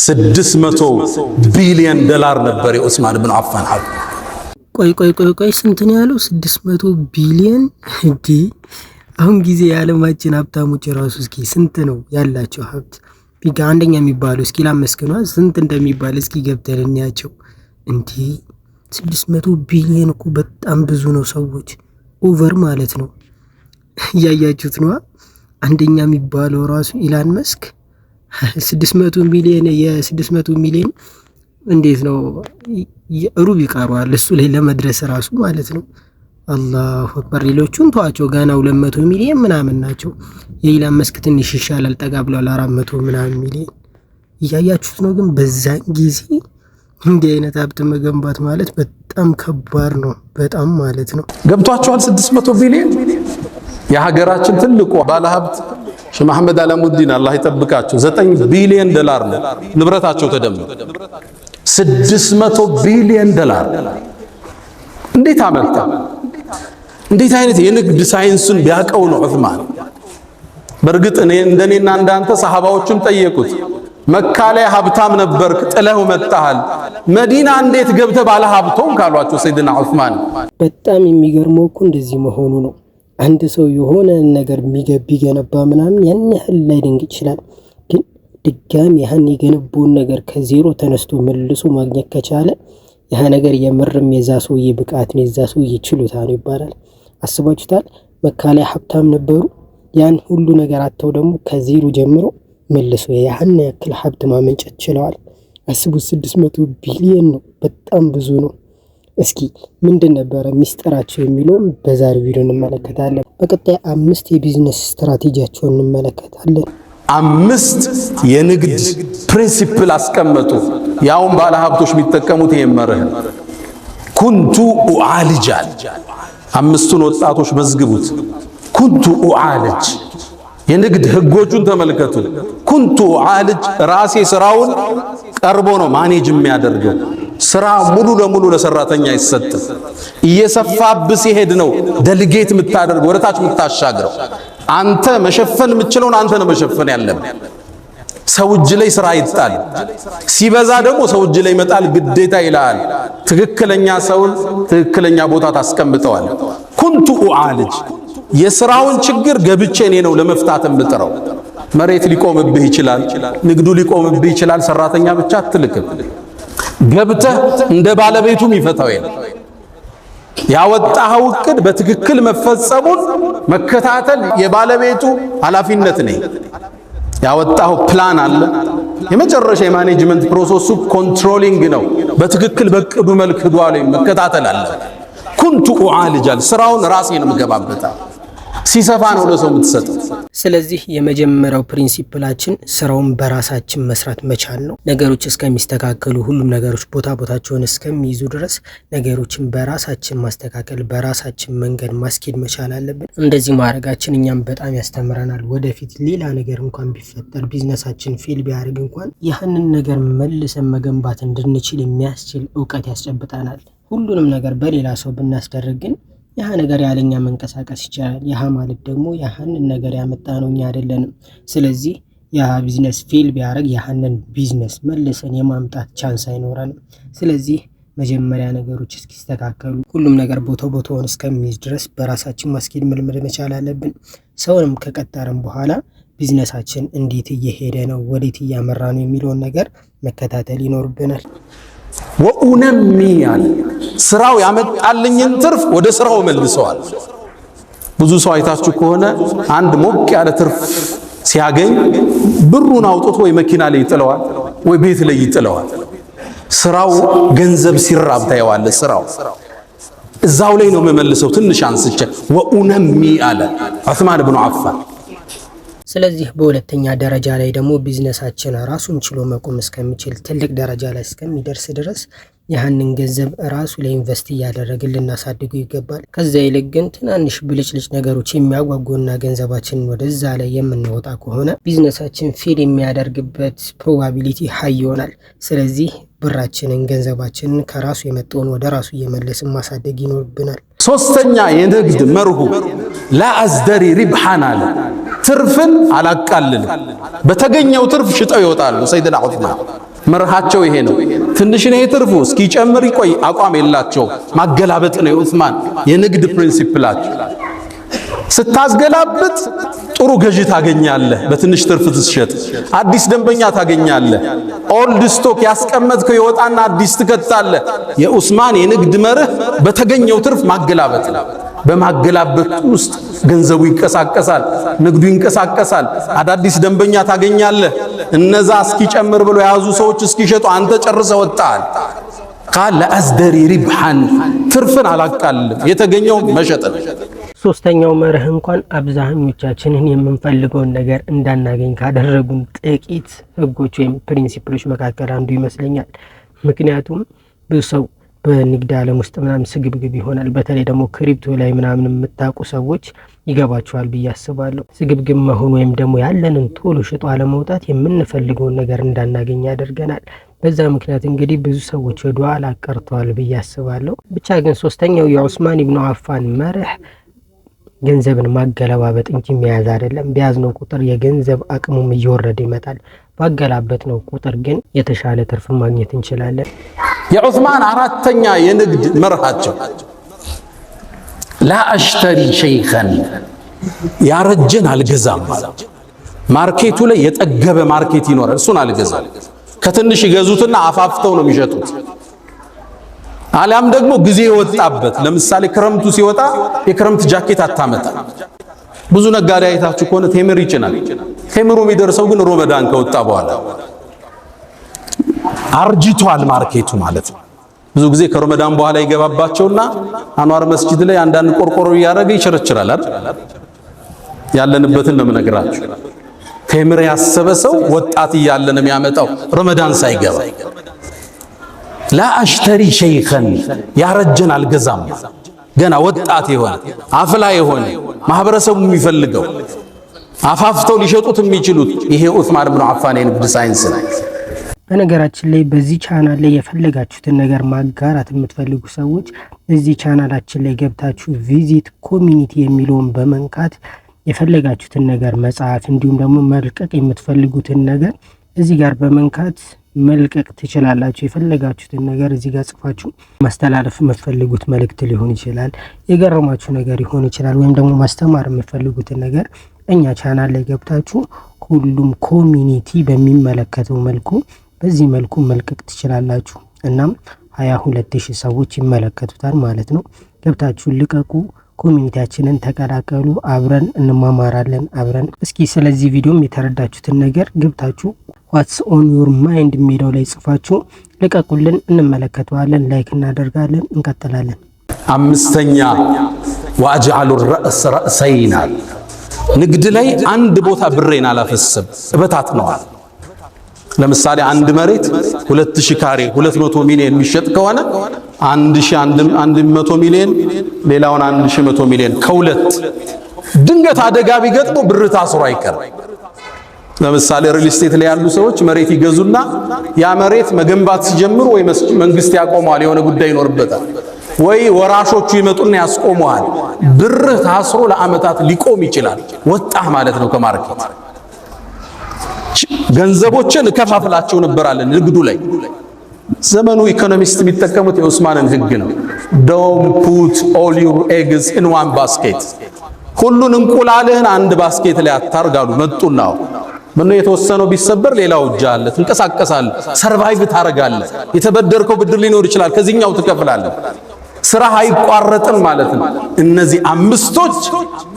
600 ቢሊዮን ዶላር ነበር የኡስማን ብን አፋን ሀብት። ቆይ ቆይ ቆይ ቆይ ስንት ነው ያለው? 600 ቢሊዮን ቢሊየን እንዴ! አሁን ጊዜ የዓለማችን ሀብታሞች ራሱ እስኪ ስንት ነው ያላቸው ሀብት? ቢጋ አንደኛ የሚባለው እስኪ ላመስግኗ ስንት እንደሚባል እስኪ ገብተን እንያቸው። እንዲ 600 ቢሊዮን እኮ በጣም ብዙ ነው። ሰዎች ኦቨር ማለት ነው። እያያችሁት ነዋ። አንደኛ የሚባለው ራሱ ኢላን መስክ ስድስት መቶ ሚሊዮን የስድስት መቶ ሚሊዮን እንዴት ነው ሩብ ይቀረዋል እሱ ላይ ለመድረስ ራሱ ማለት ነው። አላሁ አክበር። ሌሎቹን ተዋቸው ገና ሁለት መቶ ሚሊዮን ምናምን ናቸው። የኢላን መስክ ትንሽ ይሻላል፣ ጠጋ ብሏል አራት መቶ ምናምን ሚሊዮን እያያችሁት ነው። ግን በዛን ጊዜ እንዲህ አይነት ሀብት መገንባት ማለት በጣም ከባድ ነው። በጣም ማለት ነው። ገብቷቸዋል። ስድስት መቶ ሚሊዮን የሀገራችን ትልቁ ባለሀብት መሐመድ አላሙዲን አላህ ይጠብቃቸው። ዘጠኝ ቢሊዮን ዶላር ነው ንብረታቸው ተደምሮ 600 ቢሊዮን ዶላር እንዴት አመጣ? እንዴት አይነት የንግድ ሳይንሱን ቢያቀው ነው ዑስማን። በእርግጥ እኔ እንደኔና እንዳንተ ሰሃባዎቹም ጠየቁት። መካ ላይ ሀብታም ነበርክ፣ ጥለው መጣሃል። መዲና እንዴት ገብተ ባለ ሀብቶን ካሏቸው ሰይድና ዑስማን። በጣም የሚገርመው እኮ እንደዚህ መሆኑ ነው። አንድ ሰው የሆነ ነገር ቢገነባ ምናምን ያን ያህል ላይ ይችላል። ግን ድጋሚ ያህን የገነባውን ነገር ከዜሮ ተነስቶ መልሶ ማግኘት ከቻለ ይህ ነገር የምርም የዛ ሰውዬ ብቃት ነው፣ የዛ ሰውዬ ችሎታ ነው ይባላል። አስባችሁታል? መካ ላይ ሀብታም ነበሩ። ያን ሁሉ ነገር አተው ደግሞ ከዜሮ ጀምሮ መልሶ ያህን ያክል ሀብት ማመንጨት ችለዋል። አስቡ፣ ስድስት መቶ ቢሊየን ነው። በጣም ብዙ ነው። እስኪ ምንድን ነበረ ሚስጥራቸው የሚለውም በዛሬው ቪዲዮ እንመለከታለን። በቀጣይ አምስት የቢዝነስ ስትራቴጂያቸውን እንመለከታለን። አምስት የንግድ ፕሪንሲፕል አስቀመጡ። ያውም ባለ ሀብቶች የሚጠቀሙት ይሄ መርህ ኩንቱ ኡዓልጃል። አምስቱን ወጣቶች መዝግቡት። ኩንቱ ኡዓልጅ የንግድ ህጎቹን ተመልከቱ። ኩንቱ ኡዓልጅ ራሴ ስራውን ቀርቦ ነው ማኔጅ የሚያደርገው ስራ ሙሉ ለሙሉ ለሰራተኛ አይሰጥም። እየሰፋብ ሲሄድ ነው ደልጌት የምታደርገው ወደታች የምታሻግረው። አንተ መሸፈን የምችለውን አንተ ነው መሸፈን ያለብህ። ሰው እጅ ላይ ስራ ይጣል፣ ሲበዛ ደግሞ ሰው እጅ ላይ መጣል ግዴታ ይላል። ትክክለኛ ሰውን ትክክለኛ ቦታ ታስቀምጠዋል። ኩንቱ ኡዓልጅ የስራውን ችግር ገብቼ እኔ ነው ለመፍታት የምጥረው። መሬት ሊቆምብህ ይችላል፣ ንግዱ ሊቆምብህ ይችላል። ሰራተኛ ብቻ አትልክም። ገብተህ እንደ ባለቤቱ የሚፈታው የለም። ያወጣኸው እቅድ በትክክል መፈጸሙን መከታተል የባለቤቱ ኃላፊነት ነው። ያወጣኸው ፕላን አለ። የመጨረሻ የማኔጅመንት ፕሮሰሱ ኮንትሮሊንግ ነው። በትክክል በቅዱ መልክ ሄዷል፣ መከታተል አለ። ኩንቱ ኡዓልጃል ስራውን ራሴን ምገባበታል ሲሰፋ ነው ለሰው የምትሰጠው። ስለዚህ የመጀመሪያው ፕሪንሲፕላችን ስራውን በራሳችን መስራት መቻል ነው። ነገሮች እስከሚስተካከሉ ሁሉም ነገሮች ቦታ ቦታቸውን እስከሚይዙ ድረስ ነገሮችን በራሳችን ማስተካከል፣ በራሳችን መንገድ ማስኬድ መቻል አለብን። እንደዚህ ማድረጋችን እኛም በጣም ያስተምረናል። ወደፊት ሌላ ነገር እንኳን ቢፈጠር ቢዝነሳችን ፌል ቢያደርግ እንኳን ያህንን ነገር መልሰን መገንባት እንድንችል የሚያስችል እውቀት ያስጨብጠናል። ሁሉንም ነገር በሌላ ሰው ብናስደርግ ግን ያህ ነገር ያለኛ መንቀሳቀስ ይቻላል። ያህ ማለት ደግሞ ያህንን ነገር ያመጣ ነው እኛ አይደለንም። ስለዚህ ያ ቢዝነስ ፌል ቢያደርግ ያህንን ቢዝነስ መልሰን የማምጣት ቻንስ አይኖረንም። ስለዚህ መጀመሪያ ነገሮች እስኪስተካከሉ ሁሉም ነገር ቦታው ቦታውን እስከሚይዝ ድረስ በራሳችን ማስኬድ መልመድ መቻል አለብን። ሰውንም ከቀጠርን በኋላ ቢዝነሳችን እንዴት እየሄደ ነው፣ ወዴት እያመራ ነው የሚለውን ነገር መከታተል ይኖርብናል። ወኡነሚ ስራው ያመጣልኝን ትርፍ ወደ ስራው መልሰዋል። ብዙ ሰው አይታችሁ ከሆነ አንድ ሞቅ ያለ ትርፍ ሲያገኝ ብሩን አውጥቶ ወይ መኪና ላይ ይጥለዋል፣ ወይ ቤት ላይ ይጥለዋል። ስራው ገንዘብ ሲራብ ታየዋለ። ስራው እዛው ላይ ነው የምመልሰው ትንሽ አንስቼ። ወኡነሚ አለ ዑስማን ብኑ አፋን ስለዚህ በሁለተኛ ደረጃ ላይ ደግሞ ቢዝነሳችን ራሱን ችሎ መቆም እስከሚችል ትልቅ ደረጃ ላይ እስከሚደርስ ድረስ ያህንን ገንዘብ ራሱ ለኢንቨስት እያደረግን ልናሳድጉ ይገባል። ከዛ ይልቅ ግን ትናንሽ ብልጭልጭ ነገሮች የሚያጓጉና ገንዘባችንን ወደዛ ላይ የምንወጣ ከሆነ ቢዝነሳችን ፌል የሚያደርግበት ፕሮባቢሊቲ ሀይ ይሆናል። ስለዚህ ብራችንን፣ ገንዘባችንን ከራሱ የመጣውን ወደ ራሱ እየመለስን ማሳደግ ይኖርብናል። ሶስተኛ የንግድ መርሁ ላአዝደሪ ሪብሃን አለ ትርፍን አላቃልልም። በተገኘው ትርፍ ሽጠው ይወጣሉ። ሰይድና ዑስማን መርሃቸው ይሄ ነው። ትንሽ ነው ትርፉ፣ እስኪጨምር ይቆይ አቋም የላቸው። ማገላበጥ ነው የዑስማን የንግድ ፕሪንሲፕላቸው። ስታስገላብጥ ጥሩ ገዢ ታገኛለህ። በትንሽ ትርፍ ስትሸጥ አዲስ ደንበኛ ታገኛለህ። ኦልድ ስቶክ ያስቀመጥከው የወጣና አዲስ ትከታለህ። የዑስማን የንግድ መርህ በተገኘው ትርፍ ማገላበጥ ነው። በማገላበጥ ውስጥ ገንዘቡ ይንቀሳቀሳል፣ ንግዱ ይንቀሳቀሳል። አዳዲስ ደንበኛ ታገኛለህ። እነዛ እስኪጨምር ብሎ የያዙ ሰዎች እስኪሸጡ አንተ ጨርሰ ወጣል። ቃል ለአስደሪ ሪብሐን ትርፍን አላቃልም የተገኘው መሸጥን። ሶስተኛው መርህ እንኳን አብዛኞቻችንን የምንፈልገውን ነገር እንዳናገኝ ካደረጉን ጥቂት ህጎች ወይም ፕሪንሲፕሎች መካከል አንዱ ይመስለኛል። ምክንያቱም ብዙ ሰው በንግድ ዓለም ውስጥ ምናምን ስግብግብ ይሆናል። በተለይ ደግሞ ክሪፕቶ ላይ ምናምን የምታውቁ ሰዎች ይገባችኋል ብዬ አስባለሁ። ስግብግብ መሆን ወይም ደግሞ ያለንን ቶሎ ሽጦ አለመውጣት የምንፈልገውን ነገር እንዳናገኝ ያደርገናል። በዛ ምክንያት እንግዲህ ብዙ ሰዎች ወደኋላ ቀርተዋል ብዬ አስባለሁ። ብቻ ግን ሶስተኛው የዑስማን ኢብኑ አፋን መርህ ገንዘብን ማገለባበጥ እንጂ መያዝ አይደለም። በያዝነው ቁጥር የገንዘብ አቅሙም እየወረደ ይመጣል። ባገላበት ነው ቁጥር ግን የተሻለ ትርፍ ማግኘት እንችላለን። የዑስማን አራተኛ የንግድ መርሃቸው ላ አሽተሪ ሸይኸን ያረጀን አልገዛም። ማርኬቱ ላይ የጠገበ ማርኬት ይኖራል፣ እሱን አልገዛም። ከትንሽ ይገዙትና አፋፍተው ነው የሚሸጡት። አሊያም ደግሞ ጊዜ የወጣበት ለምሳሌ ክረምቱ ሲወጣ የክረምት ጃኬት አታመጣ ብዙ ነጋዴ አይታችሁ ከሆነ ቴምር ይጭናል። ቴምሩ የሚደርሰው ግን ሮመዳን ከወጣ በኋላ አርጅቷል ማርኬቱ ማለት ነው። ብዙ ጊዜ ከሮመዳን በኋላ ይገባባቸውና አኗር መስጂድ ላይ አንዳንድ ቆርቆሮ እያደረገ ይቸረችራል አይደል? ያለንበትን ነው የምነግራችሁ። ቴምር ያሰበ ሰው ወጣት እያለን የሚያመጣው ረመዳን ሳይገባ ላ አሽተሪ ሸይኸን ያረጀን አልገዛም ገና ወጣት የሆነ አፍላ የሆነ ማህበረሰቡ የሚፈልገው አፋፍተው ሊሸጡት የሚችሉት ይሄ ዑስማን ብኑ አፋን የንግድ ሳይንስ ነው። በነገራችን ላይ በዚህ ቻናል ላይ የፈለጋችሁትን ነገር ማጋራት የምትፈልጉ ሰዎች እዚህ ቻናላችን ላይ ገብታችሁ ቪዚት ኮሚኒቲ የሚለውን በመንካት የፈለጋችሁትን ነገር መጻፍ እንዲሁም ደግሞ መልቀቅ የምትፈልጉትን ነገር እዚህ ጋር በመንካት መልቀቅ ትችላላችሁ። የፈለጋችሁትን ነገር እዚህ ጋር ጽፋችሁ ማስተላለፍ የምትፈልጉት መልእክት ሊሆን ይችላል፣ የገረማችሁ ነገር ሊሆን ይችላል፣ ወይም ደግሞ ማስተማር የምትፈልጉትን ነገር እኛ ቻናል ላይ ገብታችሁ ሁሉም ኮሚኒቲ በሚመለከተው መልኩ በዚህ መልኩ መልቀቅ ትችላላችሁ። እናም ሀያ ሁለት ሺህ ሰዎች ይመለከቱታል ማለት ነው። ገብታችሁ ልቀቁ። ኮሚኒቲያችንን ተቀላቀሉ። አብረን እንማማራለን። አብረን እስኪ ስለዚህ ቪዲዮም የተረዳችሁትን ነገር ገብታችሁ ዋትስ ኦን ዩር ማይንድ የሚለው ላይ ጽፋችሁ ልቀቁልን፣ እንመለከተዋለን። ላይክ እናደርጋለን። እንቀጥላለን። አምስተኛ ዋጅአሉ ረእስ ረእሰይናል ንግድ ላይ አንድ ቦታ ብሬን አላፈስም፣ እበታት ነዋል። ለምሳሌ አንድ መሬት ሁለት ሺህ ካሬ ሁለት መቶ ሚሊዮን የሚሸጥ ከሆነ አንድ ሺህ አንድ መቶ ሚሊዮን ሌላውን አንድ ሺህ መቶ ሚሊዮን ከሁለት ድንገት አደጋ ቢገጥሙ ብር ታስሮ አይቀርም። ለምሳሌ ሪል ስቴት ላይ ያሉ ሰዎች መሬት ይገዙና ያ መሬት መገንባት ሲጀምሩ ወይ መንግስት ያቆመዋል፣ የሆነ ጉዳይ ይኖርበታል፣ ወይ ወራሾቹ ይመጡና ያስቆመዋል። ብር ታስሮ ለአመታት ሊቆም ይችላል። ወጣህ ማለት ነው ከማርኬት ገንዘቦችን እከፋፍላቸው ነበራለን ንግዱ ላይ። ዘመኑ ኢኮኖሚስት የሚጠቀሙት የኡስማንን ህግ ነው። ዶንት ፑት ኦል ዩር ኤግስ ኢን ዋን ባስኬት፣ ሁሉን እንቁላልህን አንድ ባስኬት ላይ አታርጋሉ። መጡና ምነው የተወሰነው ቢሰበር ሌላው እጅ አለ፣ ትንቀሳቀሳለህ፣ ሰርቫይቭ ታረጋለህ። የተበደርከው ብድር ሊኖር ይችላል፣ ከዚህኛው ትከፍላለህ። ስራ አይቋረጥም ማለት ነው። እነዚህ አምስቶች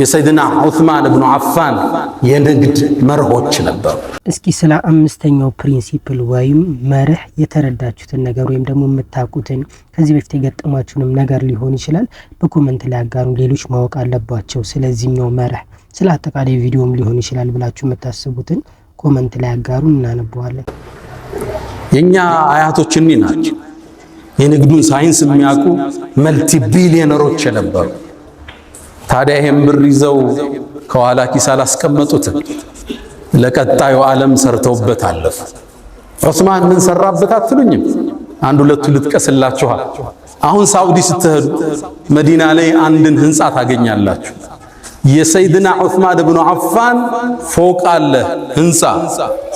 የሰይድና ዑስማን ብኑ አፋን የንግድ መርሆች ነበሩ። እስኪ ስለ አምስተኛው ፕሪንሲፕል ወይም መርህ የተረዳችሁትን ነገር ወይም ደግሞ የምታውቁትን ከዚህ በፊት የገጠማችሁንም ነገር ሊሆን ይችላል በኮመንት ላይ አጋሩ። ሌሎች ማወቅ አለባቸው ስለዚህኛው መርህ፣ ስለ አጠቃላይ ቪዲዮም ሊሆን ይችላል ብላችሁ የምታስቡትን ኮመንት ላይ አጋሩ፣ እናነበዋለን። የእኛ አያቶች እኒ ናቸው። የንግዱን ሳይንስ የሚያውቁ መልቲ ቢሊዮነሮች የነበሩ ታዲያ ይሄን ብር ይዘው ከኋላ ኪስ አላስቀመጡትም። ለቀጣዩ ዓለም ሰርተውበት አለፉ። ዑስማን ምን ሰራበት አትሉኝም? አንድ ሁለቱ ልጥቀስላችኋል። አሁን ሳውዲ ስትሄዱ መዲና ላይ አንድን ህንፃ ታገኛላችሁ። የሰይድና ዑስማን ብኑ አፋን ፎቅ አለ፣ ህንፃ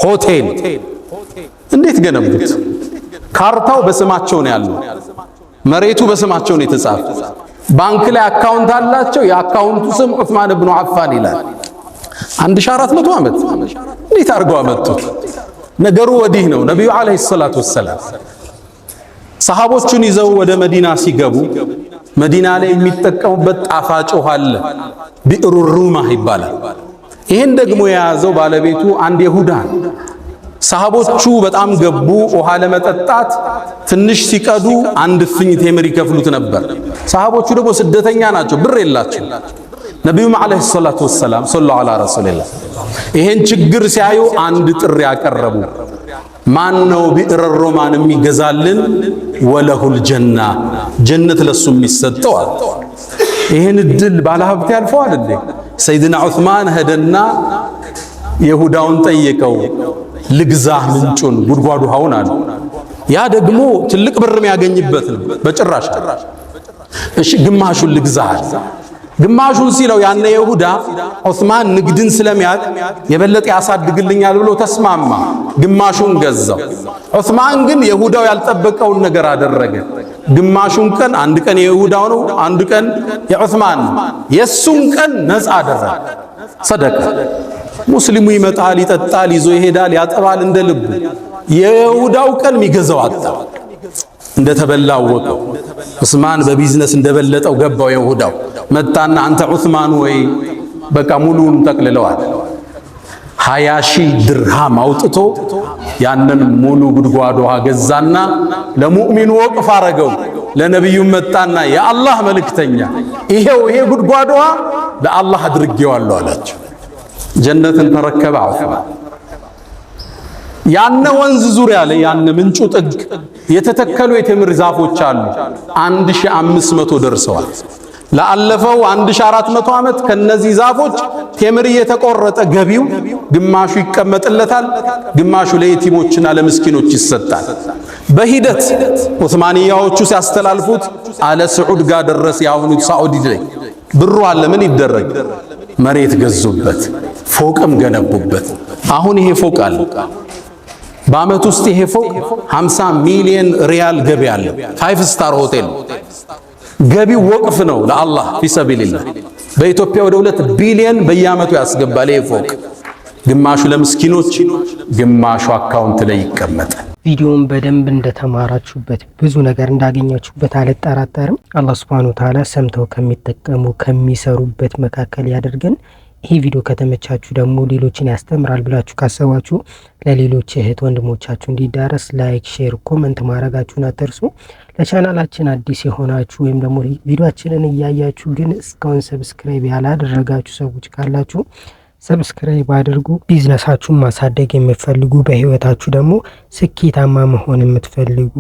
ሆቴል። እንዴት ገነቡት? ካርታው በስማቸው ነው ያለው። መሬቱ በስማቸው ነው የተጻፈ። ባንክ ላይ አካውንት አላቸው። የአካውንቱ ስም ዑስማን ብኑ አፋን ይላል። 1400 ዓመት እንዴት አድርገው አመጡት? ነገሩ ወዲህ ነው። ነቢዩ ዓለይሂ ሰላቱ ወሰላም ሰሃቦቹን ይዘው ወደ መዲና ሲገቡ መዲና ላይ የሚጠቀሙበት ጣፋጭ ውሃ አለ፣ ቢዕሩ ሩማህ ይባላል። ይህን ደግሞ የያዘው ባለቤቱ አንድ ይሁዳ ሰሃቦቹ በጣም ገቡ። ውሃ ለመጠጣት ትንሽ ሲቀዱ አንድ ፍኝ ቴምር ይከፍሉት ነበር። ሰሃቦቹ ደግሞ ስደተኛ ናቸው፣ ብር የላቸው። ነቢዩም ዓለይሂ ሰላቱ ወሰላም ሰለላሁ ዐላ ረሱሊላህ ይሄን ችግር ሲያዩ አንድ ጥሪ ያቀረቡ ማን ነው ብዕረ ሮማን የሚገዛልን? ወለሁል ጀና ጀነት ለሱ የሚሰጠው አለ። ይህን እድል ባለሀብት ያልፈዋል እንዴ? ሰይድና ዑስማን ሄደና የሁዳውን ጠየቀው። ልግዛ ምንጩን ጉድጓድ ውሃውን አሉ። ያ ደግሞ ትልቅ ብር የሚያገኝበት ነው። በጭራሽ እሺ፣ ግማሹን ልግዛ ግማሹን ሲለው ያነ ይሁዳ ዑስማን ንግድን ስለሚያቅ የበለጠ ያሳድግልኛል ብሎ ተስማማ። ግማሹን ገዛው። ዑስማን ግን የሁዳው ያልጠበቀውን ነገር አደረገ። ግማሹን ቀን አንድ ቀን የይሁዳው ነው፣ አንድ ቀን የዑስማን ነው። የሱን ቀን ነፃ አደረገ። ሰደቀ ሙስሊሙ ይመጣል፣ ይጠጣል፣ ይዞ ይሄዳል፣ ያጠባል እንደ ልቡ። የይሁዳው ቀን ይገዛው አጣ። እንደ ተበላወቀ ዑስማን በቢዝነስ እንደበለጠው ገባው። የይሁዳው መጣና አንተ ዑስማን ወይ በቃ ሙሉውን ጠቅልለዋል። ሀያ ሺህ ድርሃም አውጥቶ ያንን ሙሉ ጉድጓዶ ገዛና ለሙእሚኑ ወቅፍ አረገው። ለነቢዩም መጣና የአላህ መልእክተኛ፣ ይሄው ይሄ ጉድጓዶ ለአላህ አድርጌዋለሁ አላቸው። ጀነትን ተረከበ ዑትማን። ያነ ወንዝ ዙሪያ ላይ ያነ ምንጩ ጥግ የተተከሉ የተምር ዛፎች አሉ። 1500 ደርሰዋል። ላለፈው 1400 ዓመት ከነዚህ ዛፎች ቴምር እየተቆረጠ ገቢው ግማሹ ይቀመጥለታል፣ ግማሹ ለየቲሞችና ለምስኪኖች ይሰጣል። በሂደት ኦስማንያዎቹ ሲያስተላልፉት አለ ስዑድ ጋር ደረሰ። የአሁኑ ሳዑዲ ላይ ብሩ አለ ምን ይደረግ መሬት ገዙበት፣ ፎቅም ገነቡበት። አሁን ይሄ ፎቅ አለ። በዓመት ውስጥ ይሄ ፎቅ 50 ሚሊዮን ሪያል ገቢ አለው። ፋይቭ ስታር ሆቴል ገቢው ወቅፍ ነው ለአላህ ፊሰቢልላህ። በኢትዮጵያ ወደ ሁለት ቢሊዮን በየአመቱ ያስገባል ይሄ ፎቅ። ግማሹ ለምስኪኖች፣ ግማሹ አካውንት ላይ ይቀመጣል። ቪዲዮውን በደንብ እንደተማራችሁበት ብዙ ነገር እንዳገኛችሁበት አልጠራጠርም። አላህ ሱብሃነሁ ወተዓላ ሰምተው ከሚጠቀሙ ከሚሰሩበት መካከል ያደርገን። ይህ ቪዲዮ ከተመቻችሁ ደግሞ ሌሎችን ያስተምራል ብላችሁ ካሰባችሁ ለሌሎች እህት ወንድሞቻችሁ እንዲዳረስ ላይክ፣ ሼር፣ ኮመንት ማድረጋችሁን አትርሱ። ለቻናላችን አዲስ የሆናችሁ ወይም ደግሞ ቪዲዮችንን እያያችሁ ግን እስካሁን ሰብስክራይብ ያላደረጋችሁ ሰዎች ካላችሁ ሰብስክራይብ አድርጉ። ቢዝነሳችሁን ማሳደግ የምትፈልጉ በህይወታችሁ ደግሞ ስኬታማ መሆን የምትፈልጉ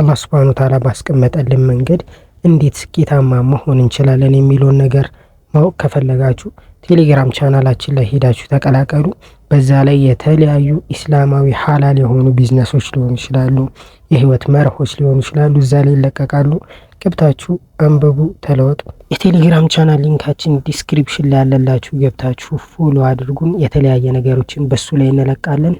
አላህ ሱብሃነሁ ወተዓላ ባስቀመጠልን መንገድ እንዴት ስኬታማ መሆን እንችላለን የሚለውን ነገር ማወቅ ከፈለጋችሁ ቴሌግራም ቻናላችን ላይ ሄዳችሁ ተቀላቀሉ። በዛ ላይ የተለያዩ ኢስላማዊ ሀላል የሆኑ ቢዝነሶች ሊሆኑ ይችላሉ፣ የህይወት መርሆች ሊሆኑ ይችላሉ፣ እዛ ላይ ይለቀቃሉ። ገብታችሁ አንብቡ፣ ተለወጡ። የቴሌግራም ቻናል ሊንካችን ዲስክሪፕሽን ላይ ያለላችሁ ገብታችሁ ፎሎ አድርጉን። የተለያየ ነገሮችን በሱ ላይ እንለቃለን።